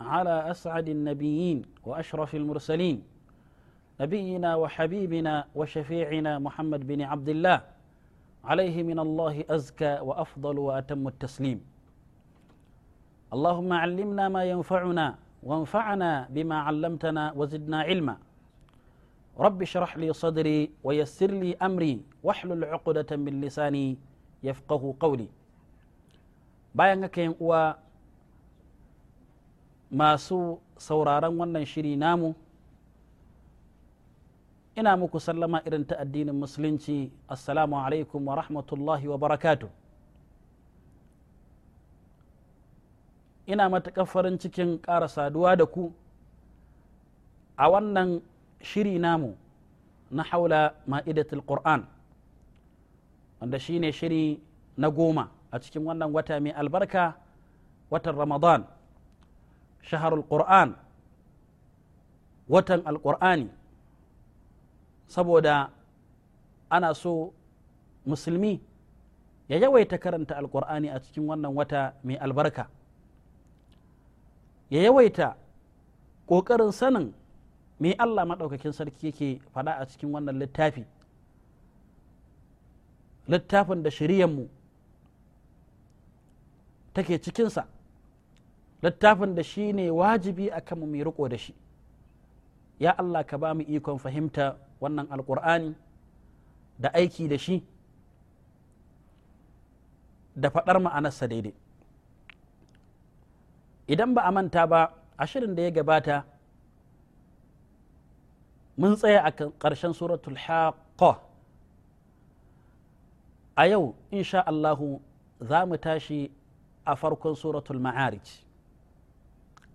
على أسعد النبيين وأشرف المرسلين نبينا وحبيبنا وشفيعنا محمد بن عبد الله عليه من الله أزكى وأفضل وأتم التسليم اللهم علمنا ما ينفعنا وانفعنا بما علمتنا وزدنا علما رب اشرح لي صدري ويسر لي أمري واحلل عقدة من لساني يفقه قولي بايا uwa masu sauraron wannan shiri namu ina muku sallama irin ta addinin musulunci assalamu alaikum wa rahmatullahi wa barakatu ina matuƙar farin cikin ƙara saduwa da ku a wannan shiri namu na haula ma'idatul qur'an wanda shine shiri na goma a cikin wannan wata mai albarka watan ramadan shaharul qur'an watan alƙur'ani saboda ana so musulmi ya yawaita karanta alƙur'ani a cikin wannan wata mai albarka ya yawaita ƙoƙarin sanin me allah maɗaukakin sarki yake faɗa a cikin wannan littafi littafin da shiriyanmu take cikinsa littafin da shi ne wajibi a kanmu mai riko da shi ya Allah ka ba mu ikon fahimta wannan alkur'ani da aiki da shi da faɗar ma'anarsa daidai idan ba a manta ba a shirin da ya gabata mun tsaya a ƙarshen suratul haqqa a yau insha Allahu za mu tashi a farkon suratul ma'arij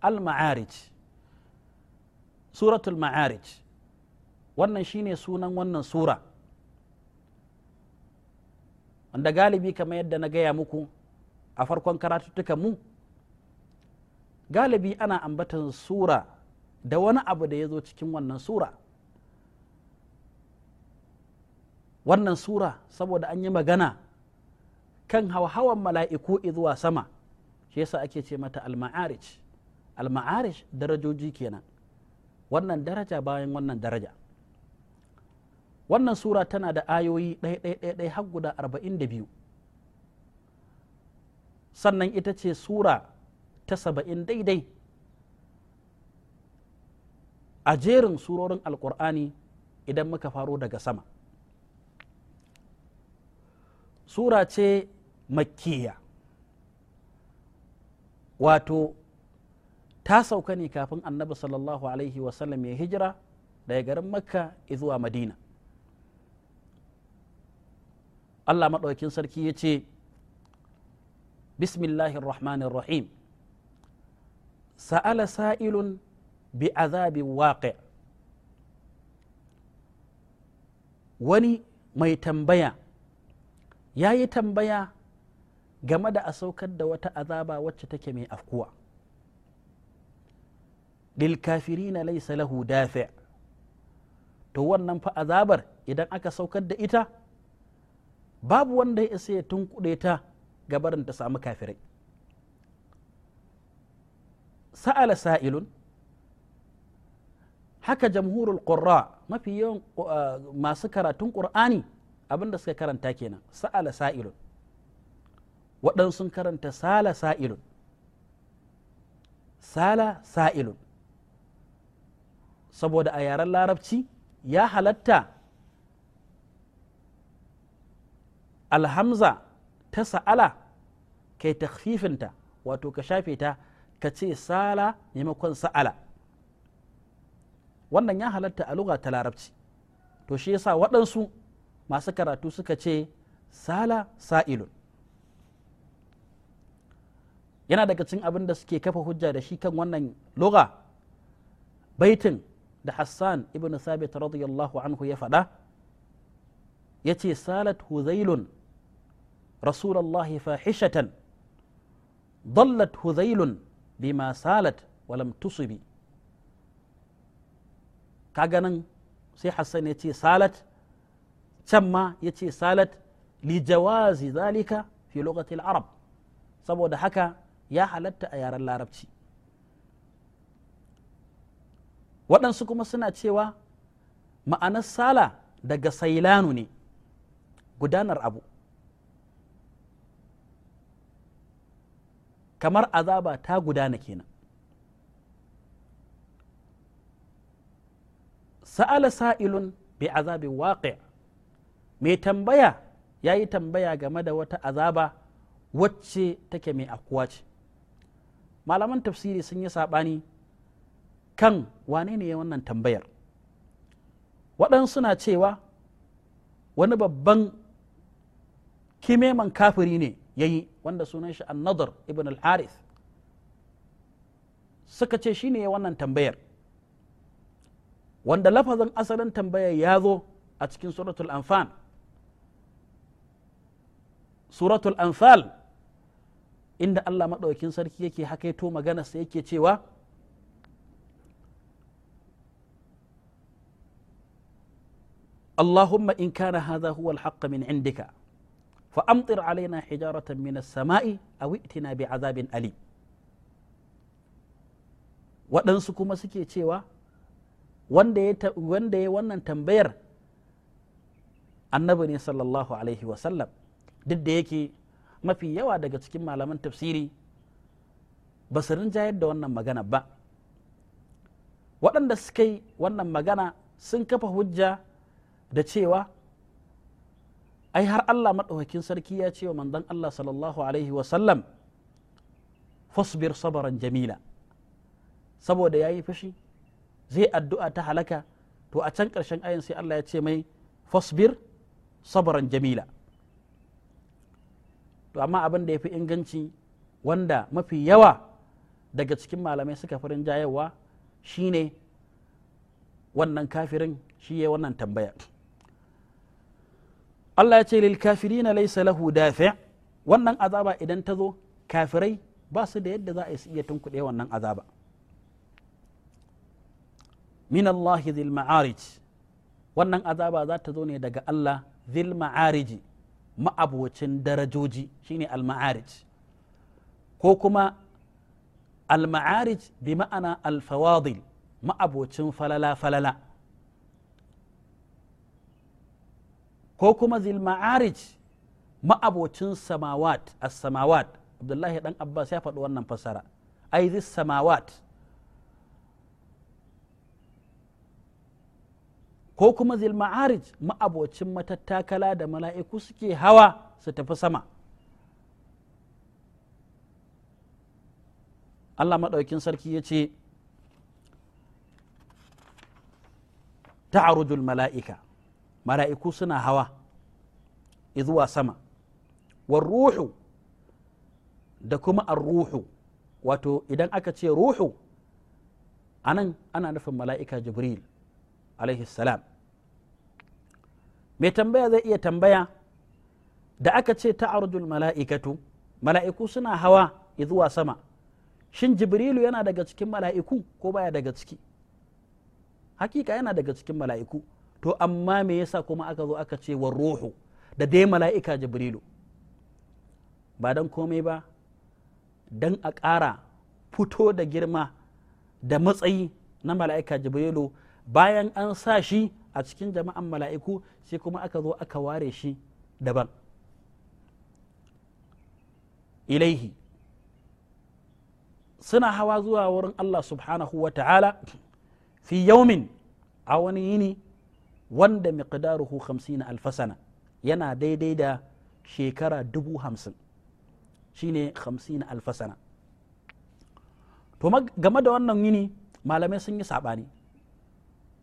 al-ma'arij suratul ma'arij wannan shine sunan wannan sura wanda galibi kamar yadda na gaya muku a farkon karatuttukan mu galibi ana ambatan sura da wani abu da ya zo cikin wannan sura wannan sura saboda an yi magana kan hauhawan mala'iku zuwa sama shi yasa ake ce mata al-ma'arij al-ma'arish darajoji kenan wannan daraja bayan wannan daraja wannan sura tana da ayoyi ɗaya har guda arba'in da biyu sannan ita ce sura ta saba'in daidai a jerin surorin alkur'ani idan muka faro daga sama sura ce makkiya wato تاسو كاني كافن النبي صلى الله عليه وسلم يهجرة داي غرم مكة إذوا مدينة الله مرد ويكين سركي بسم الله الرحمن الرحيم سأل سائل بعذاب واقع وني ما يتنبيا يا يتنبيا جمد أسوكد وتأذابا وتشتكي من أفقوه lil kafirina laysa lahu dafi' to wannan fa azabar idan aka saukar da ita babu wanda ya isa ya tunkuɗe ta gabarin ta samu kafirai sa'ala sa'ilun haka jamhurul qurra mafi yawan uh, masu karatun qur'ani abinda suka karanta kenan sa'ala sa'ilun waɗansu karanta sala sa'ilun sala sa'ilun saboda a yaren larabci ya halatta alhamza ta sa'ala kai takfifinta wato ka shafe ta ka ce sala maimakon sa'ala wannan ya halatta a lugha ta larabci to shi yasa waɗansu masu karatu suka ce sala sa'ilun yana daga cin abin da suke kafa hujja da shi kan wannan lugha baitin da Hassan ibn Thabit radiyallahu anhu ya faɗa ya ce salat huzailun rasulallahi fahishatan ضلت هذيل بما سالت ولم تصبي kaga nan sai hassan ya ce salat can ma ya ce salat li jawazi zalika fi lokacin arab saboda haka ya halatta a yaren larabci waɗansu kuma suna cewa ma'anar sala daga sailanu ne gudanar abu kamar azaba ta gudana kenan sa'ala sa'ilun bi azabi waƙi mai tambaya ya yi tambaya game da wata azaba wacce take mai akuwa ce malaman tafsiri sun yi saɓani kan wane ne wannan tambayar waɗansu suna cewa wani babban kimeman kafiri ne ya yi wanda sunan shi annadar ibn al-harith suka ce shi ne wannan tambayar wanda lafazin asalin tambayar ya zo a cikin suratul anfal suratul anfal inda allah maɗaukin sarki yake haka hakaito maganarsa yake cewa اللهم إن كان هذا هو الحق من عندك فأمطر علينا حجارة من السماء أو ائتنا بعذاب أليم waɗansu kuma suke cewa wanda ya wannan tambayar annabi ne sallallahu alaihi wasallam duk da yake mafi yawa daga cikin malaman tafsiri ba su rinjayar da wannan magana ba waɗanda suka yi wannan magana sun kafa hujja da cewa ai har Allah maɗaukakin sarki ya ce wa manzon Allah sallallahu alaihi wasallam fasbir sabaran jamila saboda yayi yi fushi zai addu'a ta halaka to a can ƙarshen ayin sai Allah ya ce mai fasbir sabaran jamila to amma abin da ya fi inganci wanda mafi yawa daga cikin malamai suka farin jayewa shine wannan kafirin shi ya wannan tambaya. Allah ya ce lil kafirina laysa lahu dafi wannan azaba idan ta zo kafirai ba su da yadda za a iya tunkuɗe wannan azaba min Allah zil ma'arij wannan azaba za ta zo ne daga Allah zil ma'arij ma'abocin darajoji shine al ma'arij ko kuma al ma'arij bi ma'ana al fawadil ma'abocin falala falala ko kuma zil ma'arij ma'abocin samawat as samawat abdullahi dan abbas ya faɗi wannan fasara ai zis samawat ko kuma zil ma'arij ma'abocin matattakala da mala'iku suke hawa su tafi sama Allah maɗaukin sarki ya ce ta'arujul mala'ika mala'iku suna hawa izuwa sama war ruhu da kuma ar-ruhu wato idan aka ce ruhu anan ana nufin mala'ika jibril alaihi salam mai tambaya zai iya tambaya da aka ce ta arjul mala'ikatu mala'iku suna hawa izuwa sama shin jibrilu yana daga cikin mala'iku ko baya daga ciki hakika yana daga cikin mala'iku to amma me yasa kuma aka zo aka ce wa ruhu da dai mala'ika jibrilu ba dan komai ba dan a ƙara fito da girma da matsayi na mala'ika jibrilu bayan an sa shi a cikin jama'an mala'iku sai kuma aka zo aka ware shi daban ilaihi suna hawa zuwa wurin Allah subhanahu wa ta'ala fi yaumin a wani yini wanda miqdaruhu 50 alfasana yana daidai da shekara dubu hamsin shine 50 alfasana to game da wannan yini malamai sun yi saɓani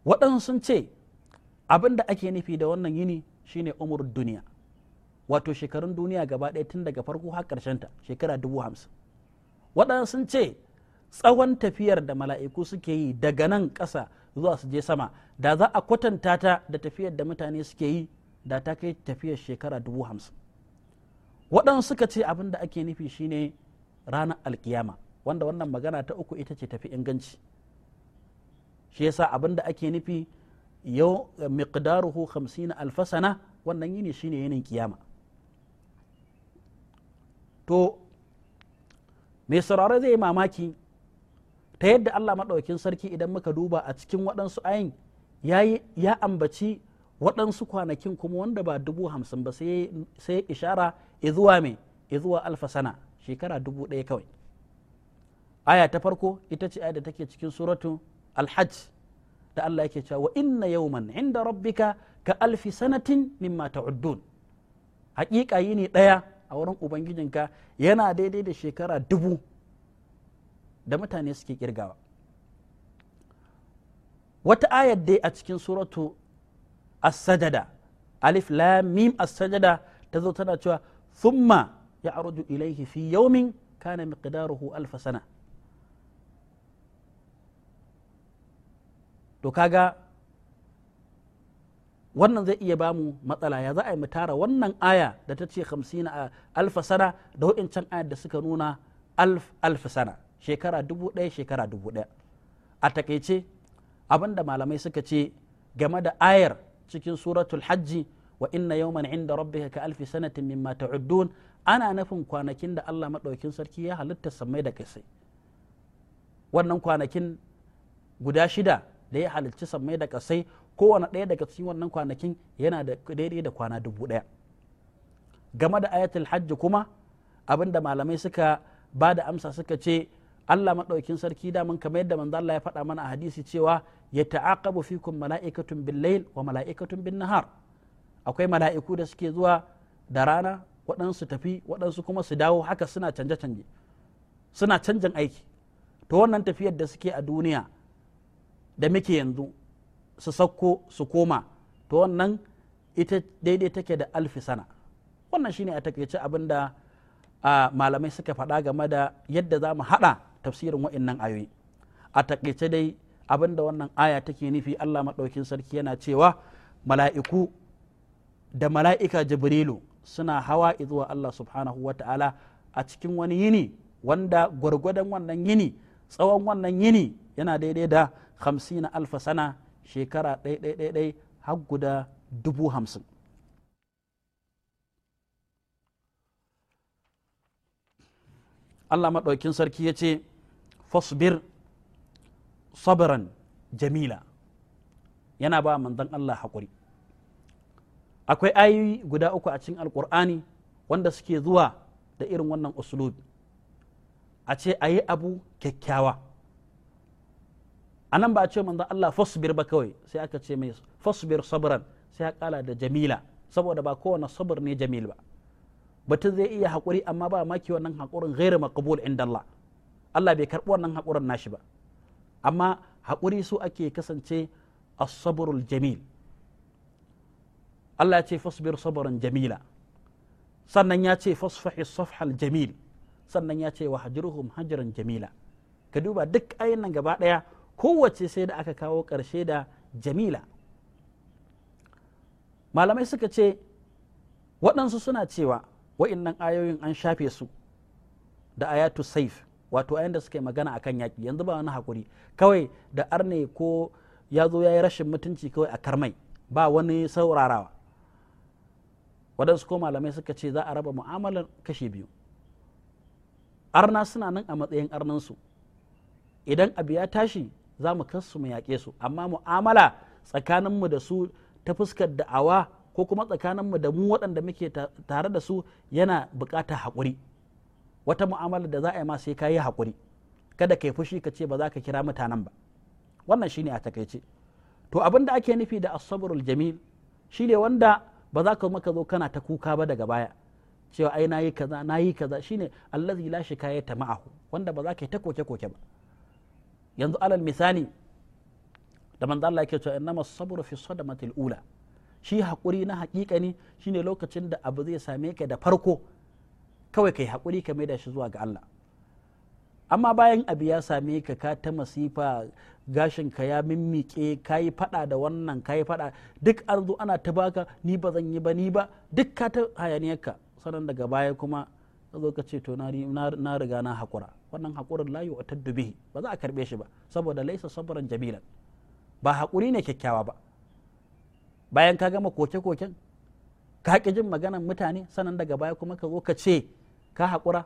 waɗansu sun ce abin da ake nufi da wannan yini shine umur duniya wato shekarun duniya gaba ɗaya tun daga farko har ta shekara dubu hamsin waɗansu sun ce tsawon tafiyar da mala'iku suke yi daga nan ƙasa zuwa su je sama da za a kwatanta ta da tafiyar da mutane suke yi da ta kai tafiyar shekara dubu hamsin waɗansu suka ce abin da ake nufi shine ranar alkiyama wanda wannan magana ta uku ita ce tafi inganci shi yasa abin da ake nufi yau eh, miqdaruhu hamsin alfasana wannan yini shine yinin kiyama to mai saurare zai yi mamaki ta yadda Allah maɗaukin sarki idan muka duba a cikin waɗansu ayin ya ambaci waɗansu kwanakin kuma wanda ba dubu hamsin ba sai ishara izuwa me izuwa alfa sana shekara dubu ɗaya kawai aya ta farko ita ce aya da take cikin suratu alhajj da Allah yake cewa wa inna yawman inda rabbika ka alfi sanatin mimma ta'uddun haƙiƙa yini ɗaya a wurin ubangijinka yana daidai da shekara dubu da mutane suke kirgawa wata ayar dai a cikin suratu as-sajada alif lam mim as-sajada ta zo tana cewa thumma ya arudu fi yawmin kana miqdaruhu alf sana to kaga wannan zai iya bamu matsala ya za a yi mu tara wannan aya da ta ce 50 alf sana da wa'incan ayar da suka nuna alf alf sana shekara dubu ɗaya shekara dubu ɗaya a takaice abin da malamai suka ce game da ayar cikin suratul hajji wa inna yawman inda rabbika ka alfi sanatin mimma ta'uddun ana nufin kwanakin da Allah maɗaukin sarki ya halitta samai da kasai wannan kwanakin guda shida da ya halicci sammai da kasai kowane ɗaya daga cikin wannan kwanakin yana da daidai da kwana dubu ɗaya game da ayatul hajji kuma abinda malamai suka ba da amsa suka ce Allah maɗaukin sarki daman kamar yadda manzo Allah ya faɗa mana a hadisi cewa ya ta'aqabu fikum mala'ikatun bil layl wa mala'ikatun bin nahar akwai mala'iku da suke zuwa da rana waɗansu tafi waɗansu kuma su dawo haka suna canje canje suna canjin aiki to wannan tafiyar da suke a duniya da muke yanzu su sakko su koma to wannan ita daidai take da alfi sana wannan shine a takaice abin da malamai suka faɗa game da yadda za mu haɗa tafsirin wa'annan ayoyi a takaice dai abin da wannan aya take nufi Allah maɗaukin sarki yana cewa mala'iku da mala'ika jibrilu suna hawa zuwa Allah subhanahu wa ta'ala a cikin wani yini wanda gwargwadon wannan yini tsawon wannan yini yana daidai da hamsin alfa sana shekara ɗai har guda dubu hamsin Allah maɗaukin sarki ya ce fasbir sabran jamila yana ba manzon Allah haƙuri akwai ayoyi guda uku a cikin alƙur'ani wanda suke zuwa da irin wannan uslubi a ce a yi abu kyakkyawa a nan ba a ce manzon Allah fasbir ba kawai sai aka ce mai fasbir sabran sai aka kala da jamila saboda ba kowane sabr ne jamil ba mutum zai iya haƙuri amma ba maki wannan haƙurin gairu maqbul inda Allah Allah bai karɓi wannan haƙurin nashi ba amma haƙuri su ake kasance a sabrul jamil Allah ya ce fasbir sabran jamila sannan ya ce fasfahi safhal jamil sannan ya ce hajiruhum hajran jamila ka duba duk ayin nan gaba ɗaya kowace sai da aka kawo ƙarshe da jamila malamai suka ce waɗansu suna cewa wa'innan ayoyin an shafe su da ayatu saif wato ayan da suke magana akan yaƙi yanzu ba wani hakuri kawai da arne ko ya zo ya yi rashin mutunci kawai a karmai ba wani saurarawa waɗansu ko malamai suka ce za a raba mu'amalar kashe biyu arna suna nan a matsayin arnansu idan abu ya tashi za mu kasu mu yaƙe su amma mu'amala tsakaninmu da su ta fuskar da'awa ko kuma tsakaninmu da mu waɗanda muke tare da su yana buƙatar haƙuri wata mu'amala da za a yi ma sai ka yi haƙuri kada ka yi fushi ka ce ba za ka kira mutanen ba wannan shine a takaice to abin da ake nufi da asabrul jamil shine wanda ba za ka maka zo kana ta kuka ba daga baya cewa ai nayi kaza nayi kaza shine allazi la shikayata ma'ahu wanda ba za ka yi ta koke koke ba yanzu alal misali da manzo Allah yake cewa innama sabru fi sadamatil ula shi hakuri na hakika ne shine lokacin da abu zai same ka da farko kawai ka yi haƙuri ka maida shi zuwa ga Allah amma bayan abu ya same ka ka ta masifa gashin ka ya mimmiƙe ka yi faɗa da wannan ka yi faɗa duk arzu ana ta baka ni ba zan yi ba ni ba duk ka ta hayaniyarka sanan daga baya kuma ka zo ka ce to na riga na haƙura wannan haƙurin la yu'taddu bihi ba za a karɓe shi ba saboda laisa sabran jabilan ba haƙuri ne kyakkyawa ba bayan ka gama koke-koken ka haƙi jin maganan mutane sanan daga baya kuma ka zo ka ce ka hakura?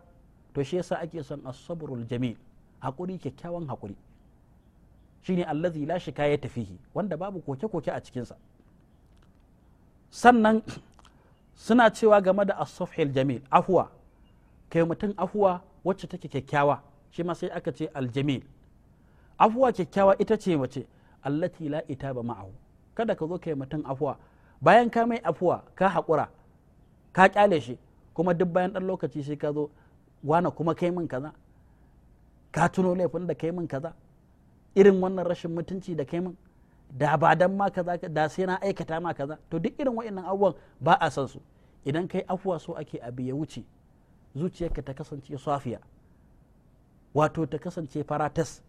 to shi yasa ake son as-sabrul jamil haƙuri kyakkyawan haƙuri shine allazi la ya fihi wanda babu koke-koke a cikinsa sannan suna cewa game da as-safhil jamil afuwa kai mutum afuwa wacce take kyakkyawa shi ma sai aka ce al-jamil afuwa kyakkyawa ita ce mace allati la itaba ma'ahu kada ka zo kai mutum afuwa bayan ka mai afuwa ka haƙura ka kyale shi kuma duk bayan ɗan lokaci sai ka zo wana kuma kai min kaza ka tuno laifin da kai min kaza irin wannan rashin mutunci da kai min da ba dan ma kaza da sai na aikata ma kaza to duk irin wa'annan abubuwan ba a san su idan kai afuwa so ake abi ya wuce zuciyarka ta kasance safiya wato ta kasance faratas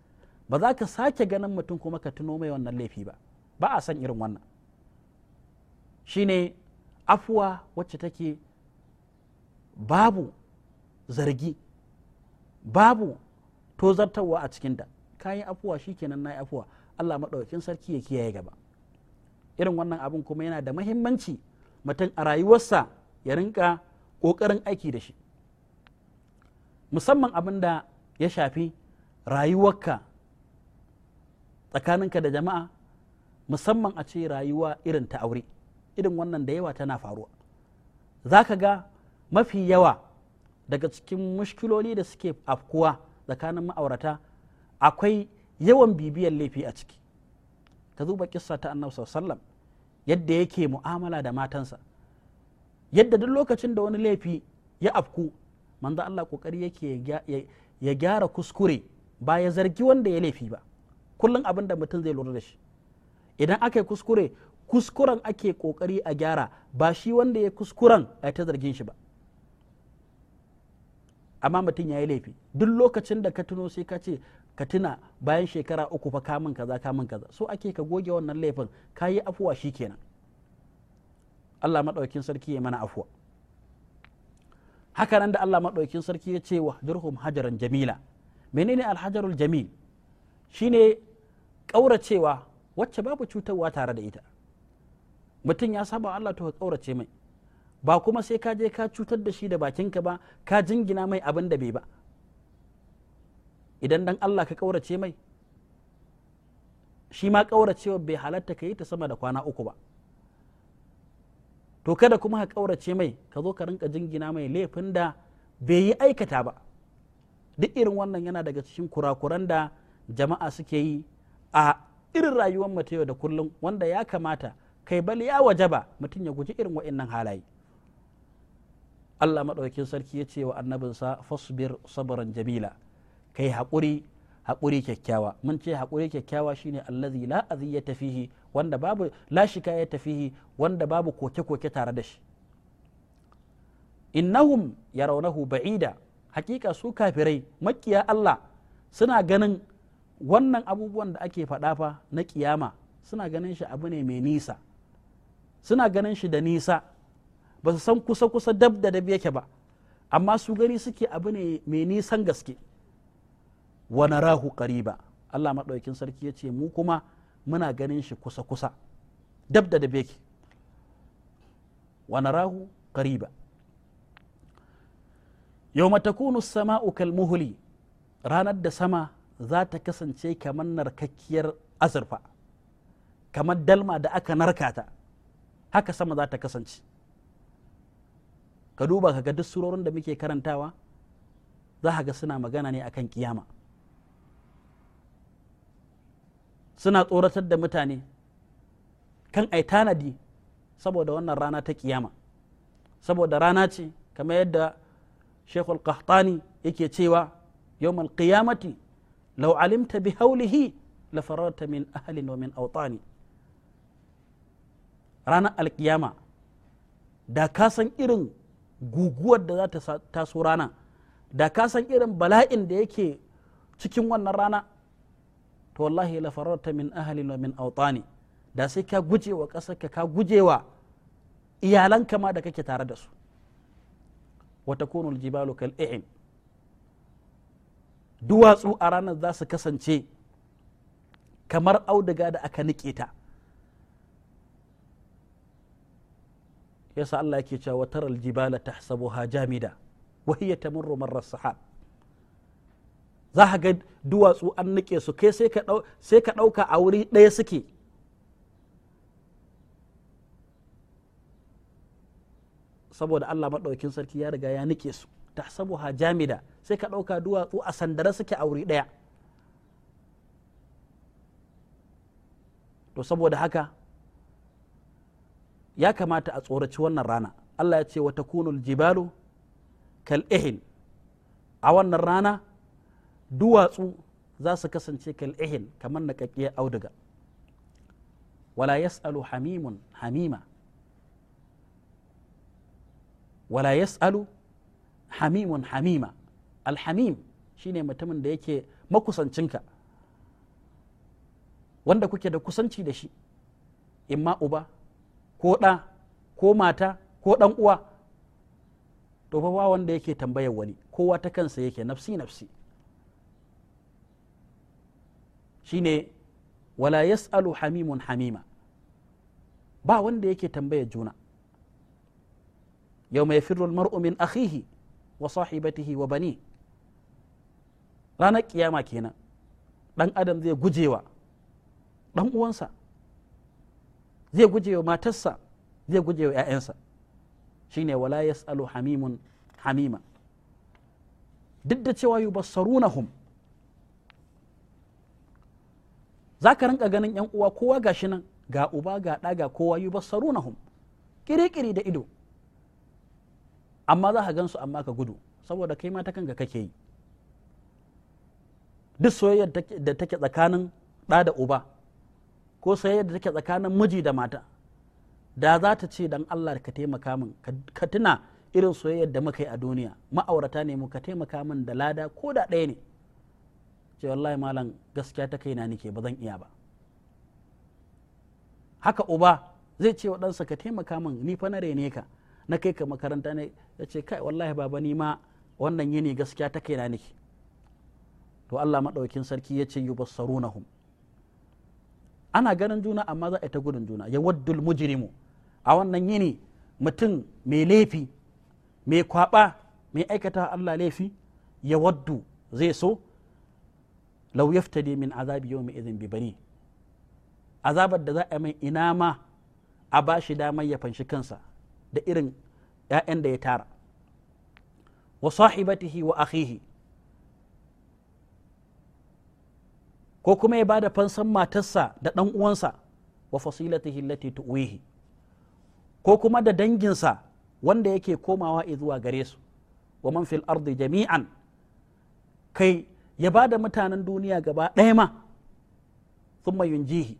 ba za ka sake ganin mutum kuma ka tuno mai wannan laifi ba ba a san irin wannan shine afuwa wacce take babu zargi babu tozartarwa a cikinta kayan afuwa shi kenan na yi afuwa Allah maɗaukin sarki ya kiyaye gaba irin wannan abin kuma yana da mahimmanci mutum a rayuwarsa ya rinka ƙoƙarin aiki da shi musamman abin da ya shafi rayuwarka tsakaninka da jama'a musamman a ce rayuwa irin ta aure irin wannan da yawa tana faruwa za ka ga mafi yawa daga cikin mushkiloli da suke afkuwa tsakanin ma'aurata akwai yawan bibiyar laifi a ciki ka zuba kissa ta annabi sallam yadda yake mu'amala da matansa yadda duk lokacin da wani laifi ya afku manzo Allah kokari yake ya gyara kuskure ba ya zargi wanda ya laifi ba kullum abin da mutum zai lura da shi idan aka yi kuskure kuskuren ake kokari a gyara ba shi wanda ya kuskuren ya ta zargin shi ba amma mutum ya yi laifi duk lokacin da ka tuno sai ka ce ka tuna bayan shekara uku fa kamun kaza kamun kaza so ake ka goge wannan laifin ka yi afuwa shi kenan Allah maɗaukin sarki ya mana afuwa haka nan da Allah maɗaukin sarki ya ce wa durhum hajaran jamila menene alhajarul jamil shine ƙauracewa wacce babu cutarwa tare da ita mutum ya saba Allah to ka ƙaurace mai ba kuma sai ka je ka cutar da shi da bakinka ba ka jingina mai abin da bai ba idan dan Allah ka kaurace mai shi ma kauracewa bai halatta ka yi ta sama da kwana uku ba to kada kuma ka kaurace mai ka zo ka rinka jingina mai laifin da bai yi aikata ba duk irin wannan yana daga cikin kurakuran da jama'a suke yi a irin rayuwar yau da kullum wanda ya kamata kai bal ya ba mutum ya guji irin wa'annan halaye Allah maɗaukin sarki ya ce wa annabinsa fasbir sabran jamila kai haƙuri haƙuri kyakkyawa mun ce haƙuri kyakkyawa shine allazi la ya tafihi wanda babu la ya tafihi wanda babu koke-koke tare da shi innahum yarawnahu ba'ida hakika su kafirai makiya Allah suna ganin wannan abubuwan da ake faɗa fa na kiyama suna ganin shi abu ne mai nisa suna ganin shi da nisa ba su san kusa kusa dab da dab yake ba amma su gani suke abu ne mai nisan gaske wa narahu qariba Allah maɗaukin sarki ya ce mu kuma muna ganin shi kusa kusa dab da dab yake wa narahu qariba yawma takunu as-sama'u kalmuhli ranar da sama za ta kasance kamar narkakkiyar azurfa kamar dalma da aka narkata haka sama za ta kasance ka duba ka ga duk surorin da muke karantawa za ka ga suna magana ne akan kiyama suna tsoratar da mutane kan ai tanadi saboda wannan rana ta kiyama saboda rana ce kamar yadda shekul qahtani yake cewa yawmal qiyamati law alimta bi haulihi la fararta min ahlin wa min ranar alkiyama da ka san irin guguwar da za ta taso rana da ka san irin bala'in da yake cikin wannan rana to wallahi la fararta min ahli wa min awtani da sai ka guje wa ƙasarka ka guje wa iyalanka ma da kake tare da su wa takunu aljibalu kal i'in duwatsu a ranar za su kasance kamar auduga da aka niƙe ta yasa Allah yake cewa taral jibala tahsabuha jamida wa hiya tamurru marra sahab za ka ga duwatsu an nike su kai sai ka sai ka dauka a wuri ɗaya suke saboda Allah maɗaukin sarki ya riga ya nike su tahsabuha jamida sai ka dauka duwatsu a sandare suke a wuri ɗaya to saboda haka ya kamata a tsoraci wannan rana Allah ya ce wata kunul jibalu kal ihin a wannan rana duwatsu za su kasance kal ihin kamar na kakkiyar auduga wala yas'alu hamimun hamima wala yas'alu hamimun hamima alhamim shine mutumin da yake makusancinka wanda kuke da kusanci da shi imma uba ko ɗa ko mata ko ɗan uwa to fa wanda yake tambayar wani kowa ta kansa yake nafsi nafsi shine wala yas'alu hamimun hamima ba wanda yake tambayar juna yau mai firul mar'u min akhihi wa sahibatihi wa bani ranar kiyama kenan ɗan adam zai gujewa ɗan uwansa zai guje wa matarsa zai guje gujewa 'ya'yansa ne wala ya tsalo hamimun hamima duk da cewa yubassarunahum za ka rinka ganin 'yan uwa kowa ga shi nan ga uba ga ɗa ga kowa yubassarunahum kiri-kiri da ido amma za ka gansu amma ka gudu saboda kai ma ta kanga kake yi duk soyayyar da take tsakanin ɗa da uba ko sai da take tsakanin miji da mata da za ta ce dan Allah ka taimaka min ka tuna irin soyayyar da muka yi a duniya ma'aurata ne mu ka taimaka min da lada ko da ɗaya ne ce wallahi malam gaskiya ta kaina nake ba zan iya ba haka uba zai ce wa ɗansa ka taimaka min ni fa na rene ka na kai ka makaranta ne ya ce kai wallahi baba ni ma wannan yini gaskiya ta kaina nake to Allah maɗaukin sarki ya ce ana ganin juna amma za a ta gudun juna ya waddul mujrimu a wannan yini mutum mai laifi mai kwaba mai aikata Allah laifi ya waddu zai so lau yaftadi min azabi yau mai izin bibani azabar da za a mai ina ma a ba shi damar ya fanshi kansa da irin 'ya'yan da ya tara wa sahibatihi wa akhihi ko kuma ya bada fansan matarsa da ɗan uwansa wa fasilatihi allati tuwihi ko kuma da danginsa wanda yake komawa zuwa gare su wa man fil ardi jami'an kai ya bada mutanen duniya gaba ɗaya ma thumma yunjihi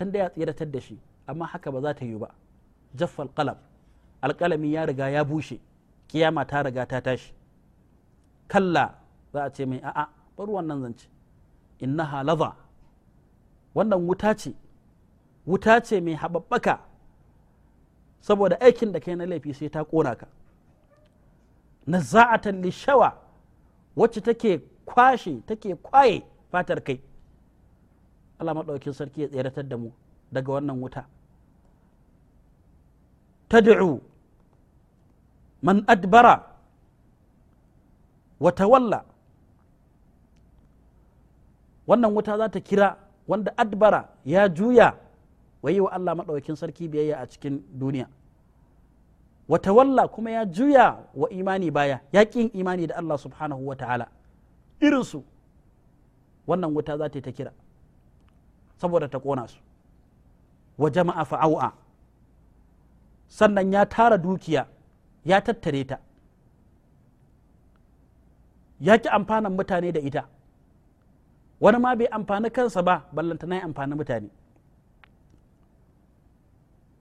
dan da ya tsiratar da shi amma haka ba za ta yi ba jaffal qalam alƙalami ya riga ya bushe kiyama ta riga ta tashi kalla za a ce mai a'a bar wannan zance inna halaza wannan wuta ce wuta ce mai haɓaɓɓaka saboda aikin da kai na laifi sai ta ƙona ka na za'atan lishawa wacce take kwashe take kwaye fatar kai Allah maɗaukin sarki ya tseratar da mu daga wannan wuta tad'u man adbara wa tawalla wannan wuta za ta kira wanda adbara ya juya wayi wa Allah maɗaukin sarki biyayya a cikin duniya wata walla kuma ya juya wa imani baya ya ƙin imani da Allah subhanahu wa ta'ala irinsu wannan wuta za ta yi ta kira saboda ta ƙona su wa jama'a fa'au'a sannan ya tara dukiya ya tattare ta ya ki amfanan mutane da ita wani ma bai amfani kansa ba na yi amfani mutane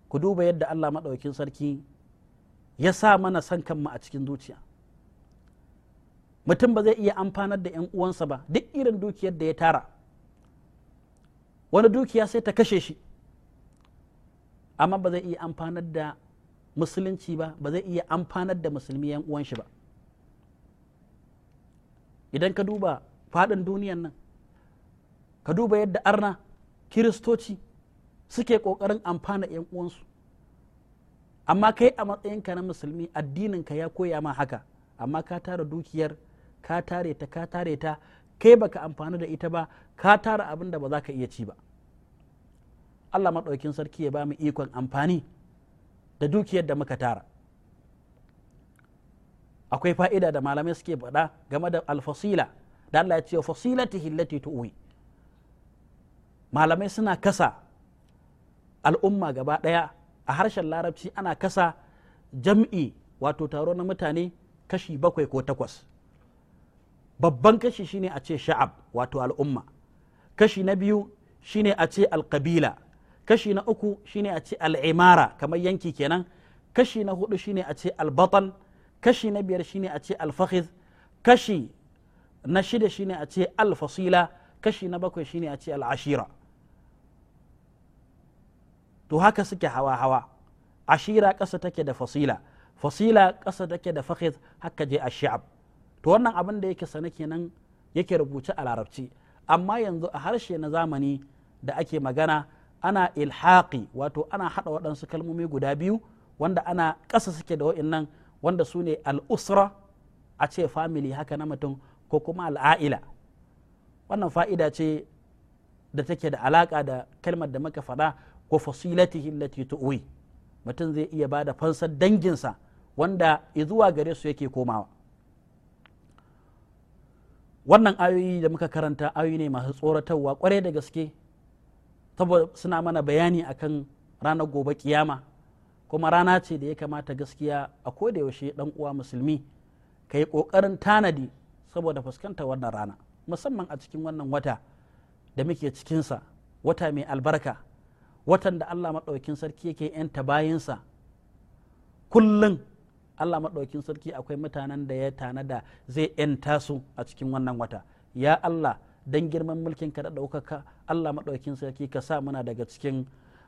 ku duba yadda Allah maɗaukin sarki ya sa mana son kanmu a cikin zuciya mutum ba zai iya amfanar da 'yan uwansa ba duk irin dukiyar da ya tara wani dukiya sai ta kashe shi amma ba zai iya amfanar da musulunci ba ba zai iya amfanar da musulmi 'yan uwan shi ba idan ka duba faɗin duniyan nan ka duba yadda arna kiristoci suke ƙoƙarin amfana 'yan uwansu amma kai a matsayinka na musulmi addininka ya koya ma haka amma ka tara dukiyar ka tare ta ka tare ta kai baka amfana da ita ba ka tara abin da ba za ka iya ci ba Allah maɗaukin sarki ya ba mu ikon amfani da dukiyar da muka tara akwai fa'ida da malamai suke faɗa game da alfasila da Allah ya ce fasilatihi allati tu'wi malamai suna kasa al'umma gaba ɗaya a harshen larabci ana kasa jam'i wato taro na mutane kashi bakwai ko takwas babban kashi shine a ce sha'ab wato al'umma kashi na biyu shine a ce alƙabila kashi na uku shine a ce al'imara kamar yanki kenan kashi na hudu shine a ce albatan kashi na biyar shine a ce alfahiz kashi na shida shine a ce alfasila kashi na bakwai shine a ce al'ashira to haka suke hawa hawa ashira ƙasa take da fasila fasila ƙasa take da fakhid haka je ashab to wannan abin da yake sana kenan yake rubuce a larabci amma yanzu a harshe na zamani da ake magana ana ilhaqi wato ana hada waɗansu kalmomi guda biyu wanda ana ƙasa suke da wa'innan wanda su ne al'usra a ce family haka na mutum ko kuma al'a'ila wannan fa'ida ce da take da alaƙa da kalmar da muka faɗa wa fasilatihi lati tu'wi mutum zai iya bada fansar danginsa wanda zuwa gare su yake komawa wannan ayoyi da muka karanta ayoyi ne masu tsoratarwa kwarai da gaske saboda suna mana bayani akan ranar gobe kiyama kuma rana ce da ya kamata gaskiya a yaushe dan uwa musulmi ka yi ƙoƙarin tanadi saboda fuskantar wannan rana musamman a cikin wannan wata da muke cikinsa wata mai albarka watan da Allah maɗaukin sarki yake yanta bayansa kullum Allah maɗaukin sarki akwai mutanen da ya tana da zai yanta su a cikin wannan wata ya Allah don girman mulkin ka da ɗaukaka Allah maɗaukin sarki ka sa muna daga cikin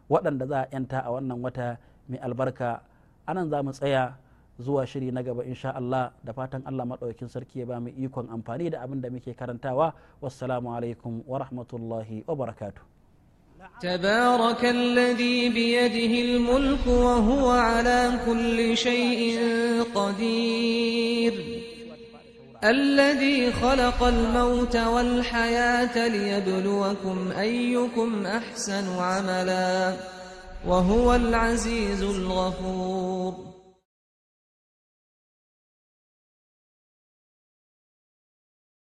waɗanda za a yanta a wannan wata mai albarka anan za mu tsaya zuwa shiri na gaba insha Allah da fatan Allah maɗaukin sarki ya ba mu ikon amfani da abin da muke karantawa wassalamu alaikum wa rahmatullahi wa barakatuh تبارك الذي بيده الملك وهو على كل شيء قدير الذي خلق الموت والحياة ليبلوكم أيكم أحسن عملا وهو العزيز الغفور